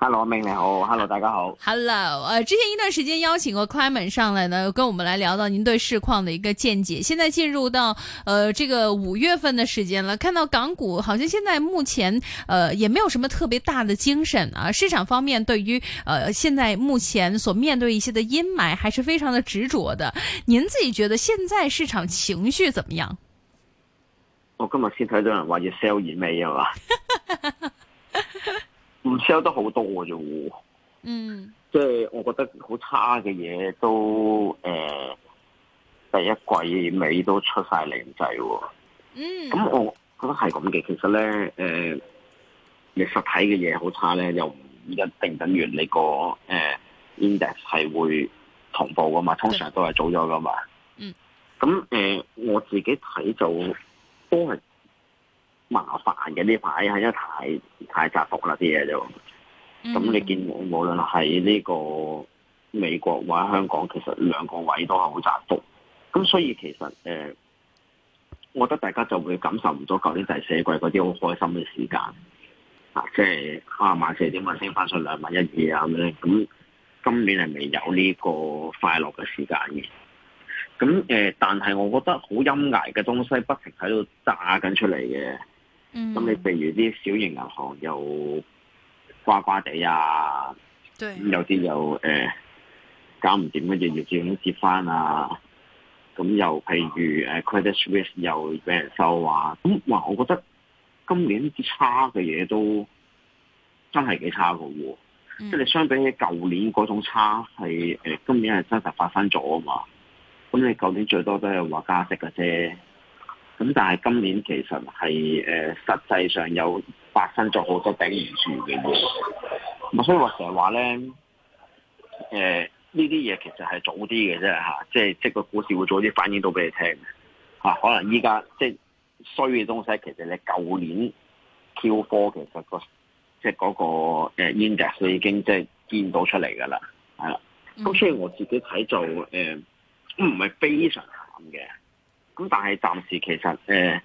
hello，明你好，hello，大家好。hello，呃，之前一段時間邀請過 c l a 上來呢，跟我們來聊到您對市況的一個見解。現在進入到呃，這個五月份的時間了，看到港股好像現在目前呃，也沒有什麼特別大的精神啊。市場方面對於呃，現在目前所面對一些的陰霾，還是非常的執着的。您自己覺得現在市場情緒怎麼樣？我今日先睇到人話要 sell 而未啊嘛。 唔 sell 得好多嘅啫喎，嗯，即係我覺得好差嘅嘢都誒、呃、第一季尾都出晒靚仔喎，嗯，咁、嗯、我覺得係咁嘅，其實咧誒、呃，你實體嘅嘢好差咧，又唔一定等於你個誒 index 係會同步噶嘛，通常都係早咗噶嘛，嗯，咁誒、呃、我自己睇就都係。麻煩嘅呢排係一太太扎福啦啲嘢就，咁、mm hmm. 你見無論係呢個美國或者香港，其實兩個位都係好扎福，咁所以其實誒、呃，我覺得大家就會感受唔到舊年第四季嗰啲好開心嘅時間，啊，即係啊，萬四點啊，升翻上兩萬一二啊咁咧，咁今年係未有呢個快樂嘅時間嘅？咁誒、呃，但係我覺得好陰霾嘅東西不停喺度炸緊出嚟嘅。咁、嗯、你譬如啲小型銀行又瓜瓜地啊，對有啲又誒、呃、搞唔掂嗰啲，要自己接翻啊，咁又譬如誒 credit risk 又俾人收啊，咁話我覺得今年啲差嘅嘢都真係幾差嘅喎、啊，即係、嗯、你相比起舊年嗰種差係誒、呃、今年係真實發生咗啊嘛，咁你舊年最多都係話加息嘅啫。咁但係今年其實係誒、呃、實際上有發生咗好多頂唔住嘅嘢，咁啊，所以話成日話咧，誒呢啲嘢、呃、其實係早啲嘅啫嚇，即係即係個股市會早啲反映到俾你聽嚇、啊。可能依家即係衰嘅東西，其實你舊年 Q4，其實、嗰個即係、嗰、嗰個、呃、index 已經即係見到出嚟㗎啦，係、啊、啦。咁、嗯、所以我自己睇就誒唔係非常慘嘅。咁但係暫時其實誒、呃，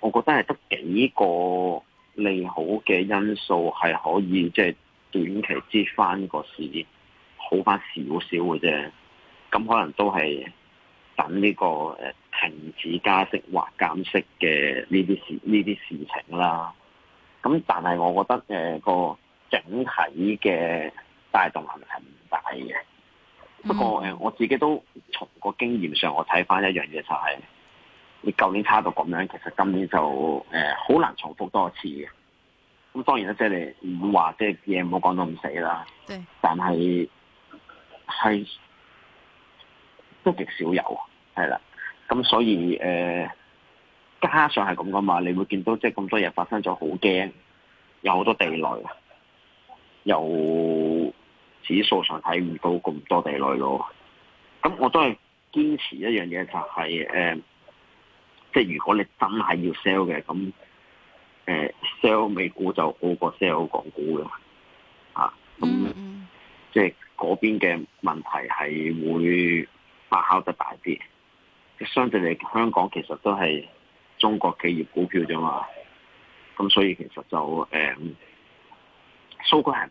我覺得係得幾個利好嘅因素係可以即係、就是、短期支翻個市，好翻少少嘅啫。咁可能都係等呢、這個誒、呃、停止加息或減息嘅呢啲事呢啲事情啦。咁但係我覺得誒、呃、個整體嘅帶動能力係唔大嘅。嗯、不過誒、呃，我自己都從個經驗上我睇翻一樣嘢就係。你舊年差到咁樣，其實今年就誒好、呃、難重複多次嘅。咁當然啦，即係你唔話即係嘢，唔好講到唔死啦。對但係係都極少有，係啦。咁所以誒、呃，加上係咁噶嘛，你會見到即係咁多嘢發生咗，好驚，有好多地雷，又指數上睇唔到咁多地雷咯。咁我都係堅持一樣嘢，就係、是、誒。呃即係如果你真係要 sell 嘅，咁誒 sell 美股就好過 sell 港股㗎嘛，啊，咁、mm hmm。即係嗰邊嘅問題係會發酵得大啲。相對嚟，香港其實都係中國企業股票啫嘛，咁所以其實就誒數據係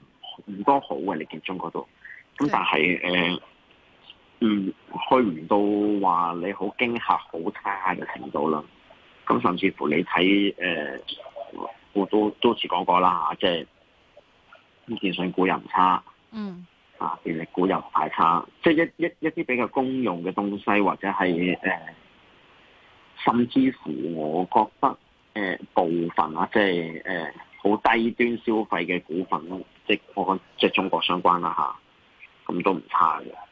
唔多好嘅，你見中嗰度。咁但係誒。呃嗯，去唔到話你好驚嚇、好差嘅程度啦。咁甚至乎你睇誒、呃，我都都似講過啦嚇、啊，即係啲電信股又唔差，嗯，啊電力股又唔太差，即係一一一啲比較公用嘅東西，或者係誒、呃，甚至乎我覺得誒、呃、部分啊，即係誒好低端消費嘅股份，即係我講即係中國相關啦嚇，咁、啊、都唔差嘅。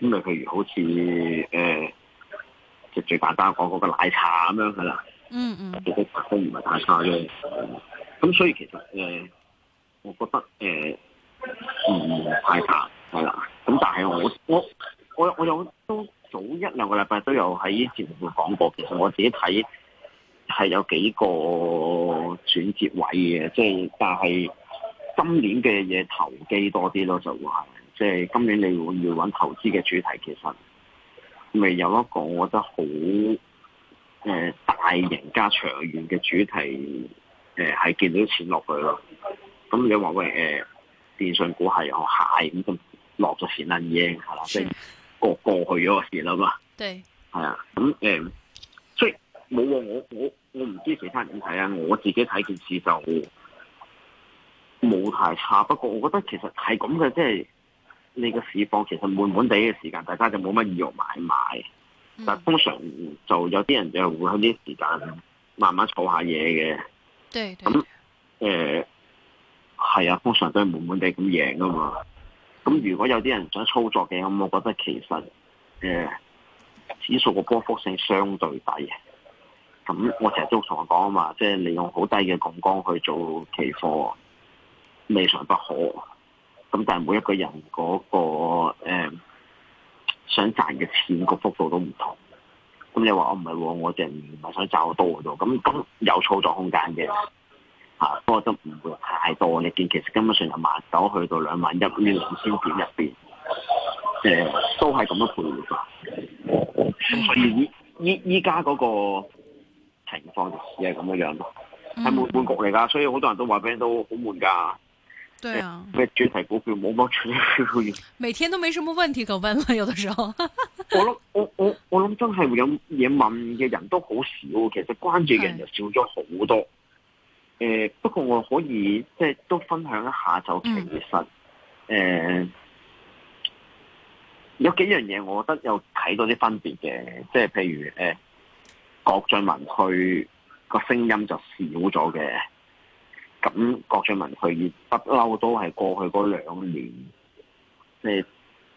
咁咪譬如好似誒，就、呃、最簡單講嗰個奶茶咁樣係啦，嗯嗯，其實都唔係太差。啫。咁所以其實誒、呃，我覺得誒唔、呃嗯、太差係啦。咁、嗯、但係我我我我有都早一兩個禮拜都有喺節目會講過，其實我自己睇係有幾個轉折位嘅，即、就、係、是、但係今年嘅嘢投機多啲咯，就話。即係今年你要要揾投資嘅主題，其實未有一個，我覺得好誒、呃、大型加長遠嘅主題誒，係、呃、見到錢落去咯。咁你話喂誒、呃，電訊股係有蟹咁就落咗錢啦，已經係啦，即係過過去咗嘅事啦嘛。對，係啊。咁誒、呃，所以冇我我我唔知其他人點睇啊。我自己睇件事就冇太差，不過我覺得其實係咁嘅，即、就、係、是。呢個市況其實悶悶地嘅時間，大家就冇乜意欲買賣。但通常就有啲人就喺啲時間慢慢儲下嘢嘅。對，咁誒係啊，通常都係悶悶地咁贏噶嘛。咁、嗯、如果有啲人想操作嘅，咁、嗯、我覺得其實誒指、嗯、數個波幅性相對低嘅。咁、嗯、我成日都同我講啊嘛，即、就、係、是、利用好低嘅槓桿去做期貨，未嘗不可。咁但係每一個人嗰，那個、呃、想賺嘅錢個幅度都唔同，咁你話，哦哦、我唔係話我淨係想賺多咗，咁、嗯、咁有操作空間嘅嚇，啊、不過都唔會太多。你見其實根本上由萬九去到兩萬一呢兩千點入邊，誒都係咁樣徘徊。所以依依依家嗰個情況就只係咁嘅樣咯，係悶局嚟噶，所以好多人都話俾人都好悶㗎。對啊，咩主題股票冇乜趣去？每天都冇什麼問題可問了，有的時候。 我諗我我我諗真係會有嘢問嘅人都好少，其實關注嘅人就少咗好多。誒對、呃，不過我可以即係都分享一下就其實誒、嗯呃、有幾樣嘢，我覺得有睇到啲分別嘅，即係譬如誒、呃、郭晉文佢個聲音就少咗嘅。咁國進民退不嬲都係過去嗰兩年，即係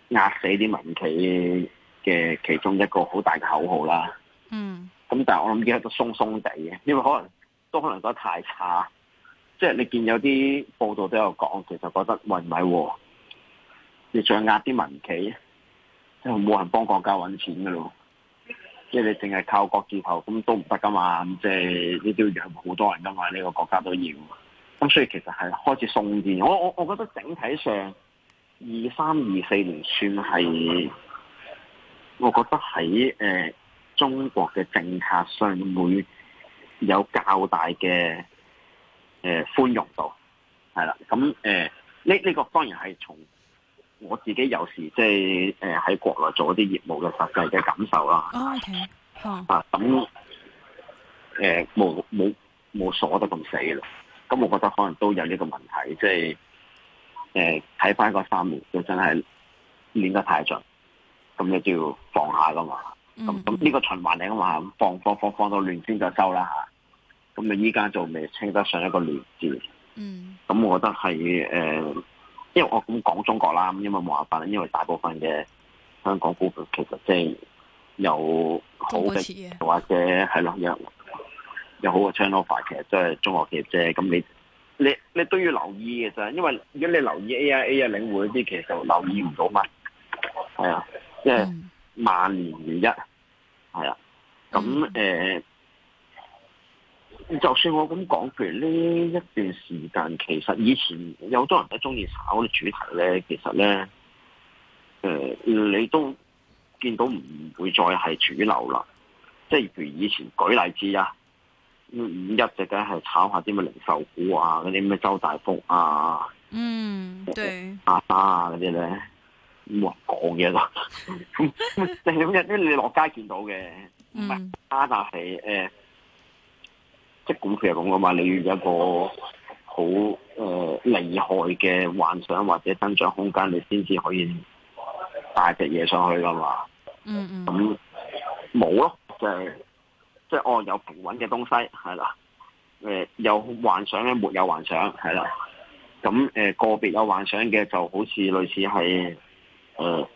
壓死啲民企嘅其中一個好大嘅口號啦。嗯。咁但係我諗依家都鬆鬆地嘅，因為可能都可能覺得太差，即係你見有啲報道都有講，其實覺得喂唔係喎，你再壓啲民企，就冇人幫國家揾錢噶咯。即係你淨係靠國字頭，咁都唔得噶嘛。即係呢啲好多人噶嘛，呢個國家都要。咁所以其實係開始鬆啲，我我我覺得整體上二三二四年算係，我覺得喺誒、呃、中國嘅政策上會有較大嘅誒、呃、寬容度，係啦。咁誒呢呢個當然係從我自己有時即係誒喺國內做一啲業務嘅實際嘅感受啦。哦，oh, okay . huh. 啊，咁誒冇冇冇鎖得咁死咯。咁我覺得可能都有呢個問題，即係誒睇翻嗰三年，佢真係練得太盡，咁你就要放下噶嘛。咁咁呢個循環嚟噶嘛，放放放放，放到亂先就收啦嚇。咁你依家仲未稱得上一個亂字。嗯。咁我覺得係誒、呃，因為我咁講中國啦，咁因為冇辦法啦，因為大部分嘅香港股票其實即係有好嘅，或者係咯樣。有好嘅 China 股，其實都係中國嘅啫。咁你你你都要留意嘅啫，因為如果你留意 AIA 啊、領匯嗰啲，其實留意唔到嘛。係啊，即係萬年如一，係啊。咁誒，就算我咁講，譬如呢一段時間，其實以前有好多人都中意炒啲主題咧，其實咧，誒你都見到唔會再係主流啦。即係譬如以前舉例子啊。五一直梗係炒下啲咩零售股啊，嗰啲咩周大福啊，嗯，阿沙啊嗰啲咧，咁話講嘢咯。成日啲你落街見到嘅，唔係啊，但係誒、呃，即係股票係咁噶嘛，你要有一個好誒厲害嘅幻想或者增長空間，你先至可以帶隻嘢上去噶嘛。嗯嗯，咁冇咯，即係。就係即係哦，有平穩嘅東西係啦，誒、呃、有幻想咧，沒有幻想係啦，咁誒、呃、個別有幻想嘅就好似類似係誒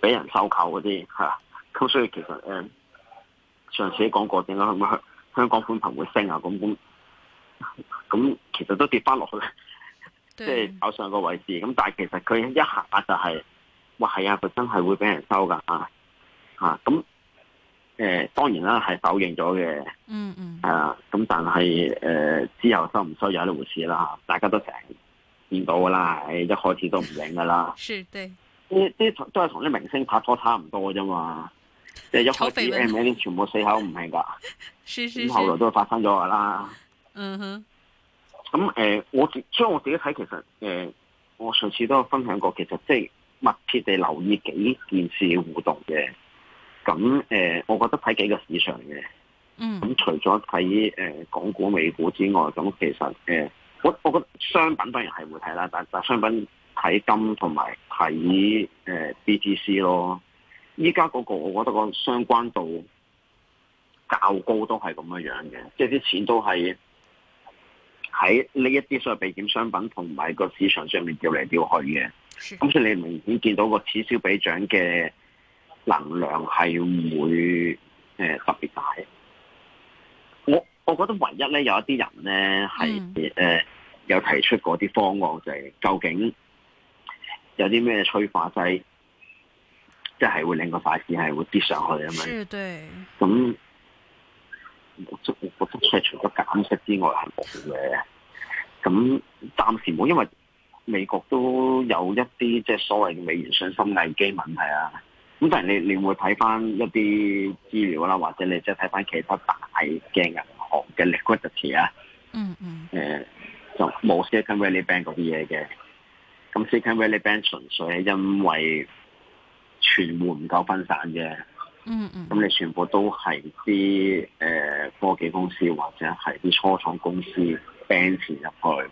俾人收購嗰啲係啊，咁所以其實誒、呃、上次講過點解香香港寬頻會升啊，咁咁咁其實都跌翻落去，即係跑上個位置，咁但係其實佢一下就係、是，哇係啊，佢真係會俾人收噶吓吓咁。誒、呃，當然啦，係否認咗嘅，嗯嗯，係啦、啊，咁但係誒、呃、之後收唔收又係一回事啦，大家都成日見到噶啦，一開始都唔認噶啦，是呢的啲都係同啲明星拍拖差唔多啫嘛，即係一開始 M 啲全部死口唔認噶，咁後來都發生咗噶啦，是是是嗯哼，咁誒、嗯呃，我即我自己睇，其實誒、呃，我上次都有分享過，其實、就是、即係密切地留意幾,幾件事互動嘅。咁誒、呃，我覺得睇幾個市場嘅，咁、嗯、除咗睇誒港股、美股之外，咁其實誒、呃，我我覺得商品當然係會睇啦，但但商品睇金同埋睇誒 BTC 咯。依家嗰個我覺得個相關度較高，都係咁樣樣嘅，即係啲錢都係喺呢一啲所謂避險商品同埋個市場上面調嚟調去嘅。咁的所以你明顯見到個此消彼長嘅。能量係會誒特別大，我我覺得唯一咧有一啲人咧係誒有提出嗰啲方案，就係究竟有啲咩催化劑，即係會令個快線係會跌上去吖嘛？是對，咁我覺得係除咗減息之外係冇嘅，咁暫時冇，因為美國都有一啲即係所謂嘅美元信心危機問題啊。咁但係你你會睇翻一啲資料啦，或者你即係睇翻其他大嘅銀行嘅 liquidity 啊、mm，嗯、hmm. 嗯、呃，誒就冇涉及 Silicon Valley Bank 嗰啲嘢嘅。咁 Silicon Valley Bank 純粹係因為全部唔夠分散嘅，嗯嗯、mm，咁、hmm. 你全部都係啲誒科技公司或者係啲初創公司 bank 入去，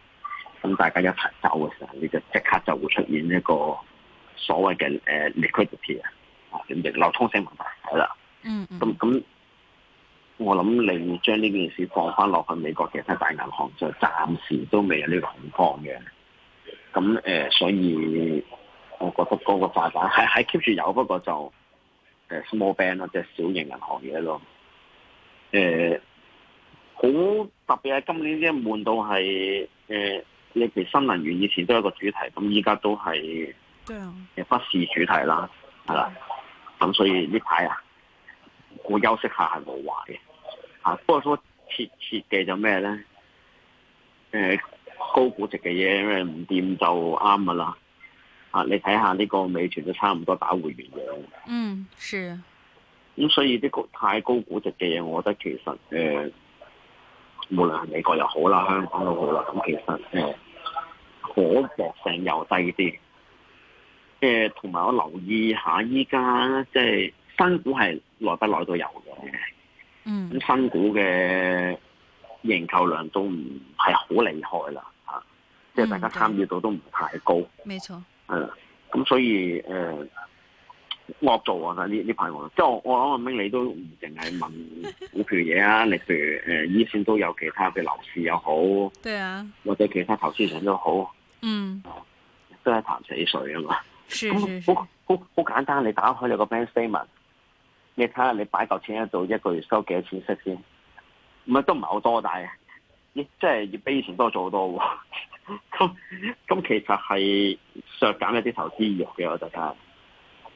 咁大家一齊走嘅時候，你就即刻就會出現一個所謂嘅誒、uh, liquidity 啊。流通性問題係啦，嗯，嗯，咁咁，我諗你將呢件事放翻落去美國其他大銀行，就暫時都未有呢個恐慌嘅。咁誒、呃，所以我覺得嗰個炸彈係 keep 住有，不過就 Small Band 或者小型銀行嘢咯。誒、呃，好特別係、啊、今年即係悶到係誒、呃，例如新能源以前都係一個主題，咁依家都係誒對、呃、不是主題啦，係啦。咁所以呢排啊，我休息下係冇壞嘅，啊，不過說切切嘅就咩咧？誒、呃，高估值嘅嘢，因為唔掂就啱噶啦。啊，你睇下呢個美團都差唔多打回原樣。嗯，是。咁所以呢個太高估值嘅嘢，我覺得其實誒、呃，無論係美國又好啦，香港又好啦，咁其實誒，可、呃、搏性又低啲。即係同埋我留意下，依家即係新股係耐不耐都有嘅。嗯，咁新股嘅認購量都唔係好厲害啦，吓、嗯，即係大家參與度都唔太高。沒錯。誒、嗯，咁所以誒惡、呃、做啊！呢呢排，即係我我諗阿明你，你都唔淨係問股票嘢啊，你譬如誒，以前都有其他嘅樓市又好，對啊，或者其他投資人都好，嗯，都係潭死水啊嘛。咁好好好簡單，你打開你，你，看看你個 bank statement，你睇下你擺嚿錢喺度，一個月收幾多錢息先？唔係都唔係好多大，亦即係要比以前多咗好多。咁 咁、嗯嗯 嗯、其實係削減一啲投資意欲嘅，我就睇。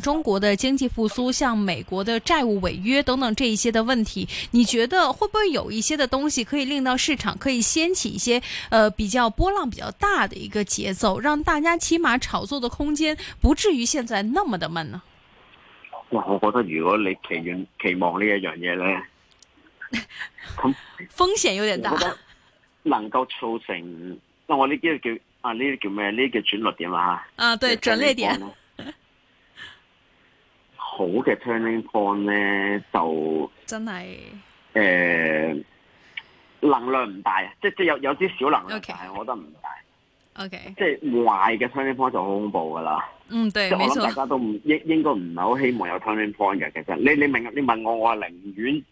中國的經濟復蘇，像美國的債務違約等等這一些的問題，你覺得會不會有一些的東西可以令到市場可以掀起一些，呃比較波浪比較大的一個節奏，讓大家起碼炒作的空間不至於現在那麼的悶呢？我我覺得如果你期望期望呢一樣嘢呢，咁 風險有點大，能夠促成，我呢啲叫啊呢啲叫咩呢叫轉捩點啊？啊對，轉捩點。啊好嘅 turning point 咧，就真係誒能量唔大啊！即即有有啲小能量，但係我覺得唔大。O K，即係壞嘅 turning point 就好恐怖噶啦。嗯，對，冇錯。即係我諗大家都應應該唔係好希望有 turning point 嘅，其實。你你問你問我，我寧願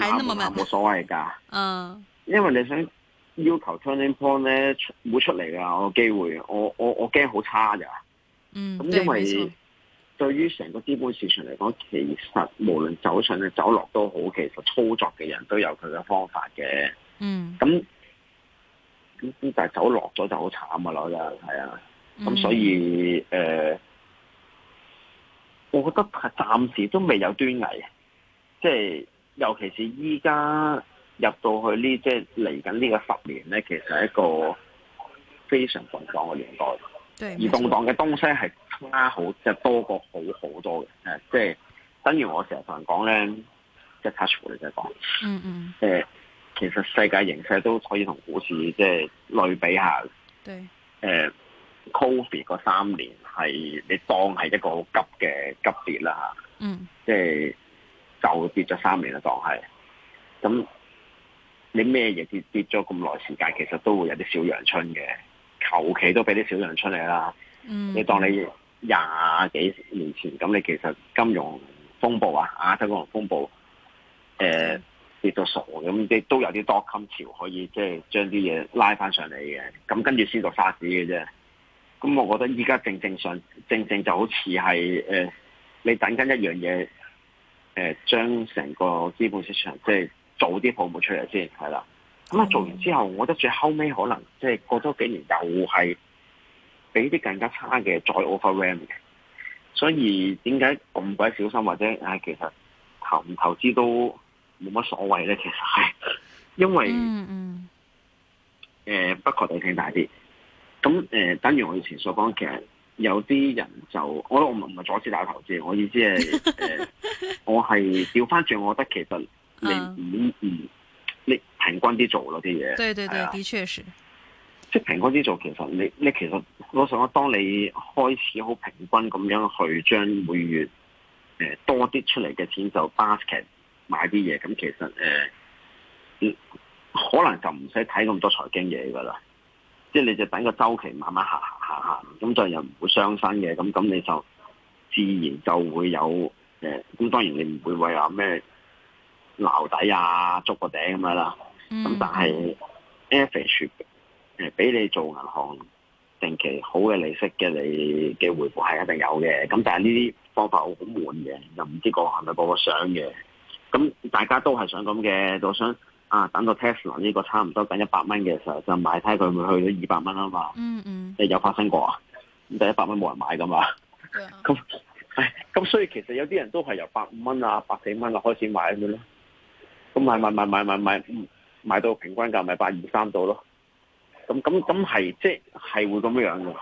換下下冇所謂噶。嗯，因為你想要求 turning point 咧，唔會出嚟噶，我機會。我我我驚好差噶。嗯，咁因為。對於成個資本市場嚟講，其實無論走上去、走落都好，其實操作嘅人都有佢嘅方法嘅。嗯，咁，但係走落咗就好慘啊！老人家係啊，咁所以誒、嗯呃，我覺得係暫時都未有端倪。即係尤其是依家入到去呢，即係嚟緊呢個十年咧，其實係一個非常動盪嘅年代。對而動盪嘅東西係。差好就多過好好多嘅，誒，即係，等於我成日同人講咧，即係 touch 我哋即係講，嗯嗯，誒，其實世界形勢都可以同股市即係類比下，對，誒、呃、Covid 個三年係你當係一個好急嘅急跌啦嚇，嗯，即係就，就跌咗三年啦，當係，咁你咩嘢跌跌咗咁耐時間，其實都會有啲小陽春嘅，求其都俾啲小陽春你啦，嗯、你當你。廿幾年前咁，你其實金融風暴啊，亞洲金融風暴，誒跌到傻咁，即都有啲多金潮可以即係將啲嘢拉翻上嚟嘅。咁跟住先到沙士嘅啫。咁我覺得依家正正上，正正就好似係誒，你等緊一樣嘢，誒將成個資本市場即係做啲泡沫出嚟先，係啦。咁啊做完之後，我覺得最後尾可能即係過多幾年又係。俾啲更加差嘅再 overwhelm 嘅，所以點解咁鬼小心或者唉、啊，其實投唔投資都冇乜所謂咧。其實係因為誒、嗯嗯呃、不確定性大啲。咁、嗯、誒、呃，等於我以前所講，其實有啲人就我我唔係阻止大家投資，我意思係誒，呃、 我係調翻轉，我覺得其實你唔唔、啊你，嗯、你平均啲做咯啲嘢。對對對，的確呀是。即平均資助，其實你你其實我想當你開始好平均咁樣去將每月誒、呃、多啲出嚟嘅錢就 basket 買啲嘢，咁、嗯、其實誒、呃、可能就唔使睇咁多財經嘢㗎喇。即係你就等個週期慢慢行行行行，咁就又唔會傷身嘅。咁咁你就自然就會有誒。咁、呃、當然你唔會為話咩撈底啊捉個頂咁樣啦。咁但係 a 誒俾你做銀行定期好嘅利息嘅，你嘅回報係一定有嘅。咁但係呢啲方法好悶嘅，又唔知個係咪個想嘅。咁大家都係想咁嘅，就想啊，等到 Tesla 呢個差唔多等一百蚊嘅時候，就睇下佢會去到二百蚊啊嘛。嗯、mm hmm. 嗯，即係有發生過啊？咁第一百蚊冇人買㗎嘛？係啊。咁咁所以其實有啲人都係由百五蚊啊、百幾蚊啊開始買咁樣咯。咁買買買買買買，買到平均價咪百二三度咯。就是 8, 2, 3, 2, 3咁咁咁係，即係會咁樣樣嘅。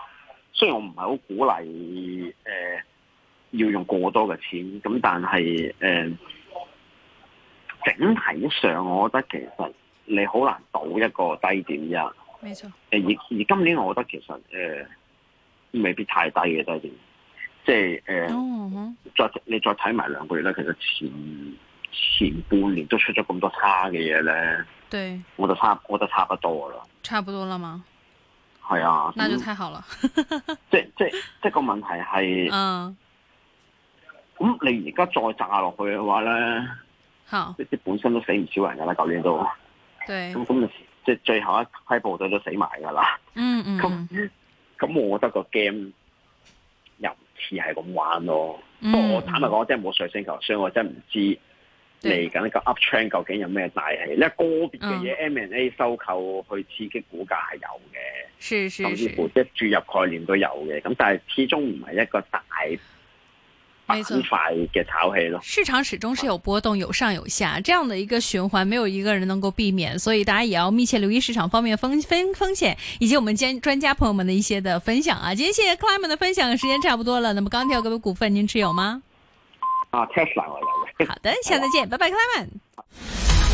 雖然我唔係好鼓勵，誒、呃、要用過多嘅錢。咁但係，誒、呃、整體上，我覺得其實你好難倒一個低點嘅。沒錯錯。誒而，而今年，我覺得其實誒、呃、未必太低嘅低點。即係誒，呃嗯、哼再你再睇埋兩個月咧，其實前前半年都出咗咁多差嘅嘢咧。對，我就差，我就差不多啦。差不多了嘛？係啊，那就、嗯、太好了。 即即即,即個問題係，咁、嗯嗯、你而家再炸落去嘅話咧，即好即本身都死唔少人噶啦，舊年都。對。咁咁，即最後一批部隊都死埋噶啦。嗯 嗯。咁、嗯、咁， 我覺得個 game 又似係咁玩咯。不過我坦白講，我真係冇水晶球，所以我真係唔知。嚟緊呢個 up trend 究竟有咩大戲？因為個，個別嘅嘢、嗯、M&A 收購去刺激股價係有嘅，是是是甚至乎一注入概念都有嘅。咁但係始終唔係一個大很快嘅炒氣咯。錯市場始終是有波動，有上有下，嗯、這樣的一個循環，沒有一個人能夠避免。所以大家也要密切留意市場方面風風風，風險，以及我們兼專家朋友們的一些的分享啊。今天謝謝 Clive 們的分享，時間差不多了。那麼鋼鐵股嘅股份，股份您，您持有嗎？啊！太爽了。好的，下次見，拜拜，客人們。Bye bye,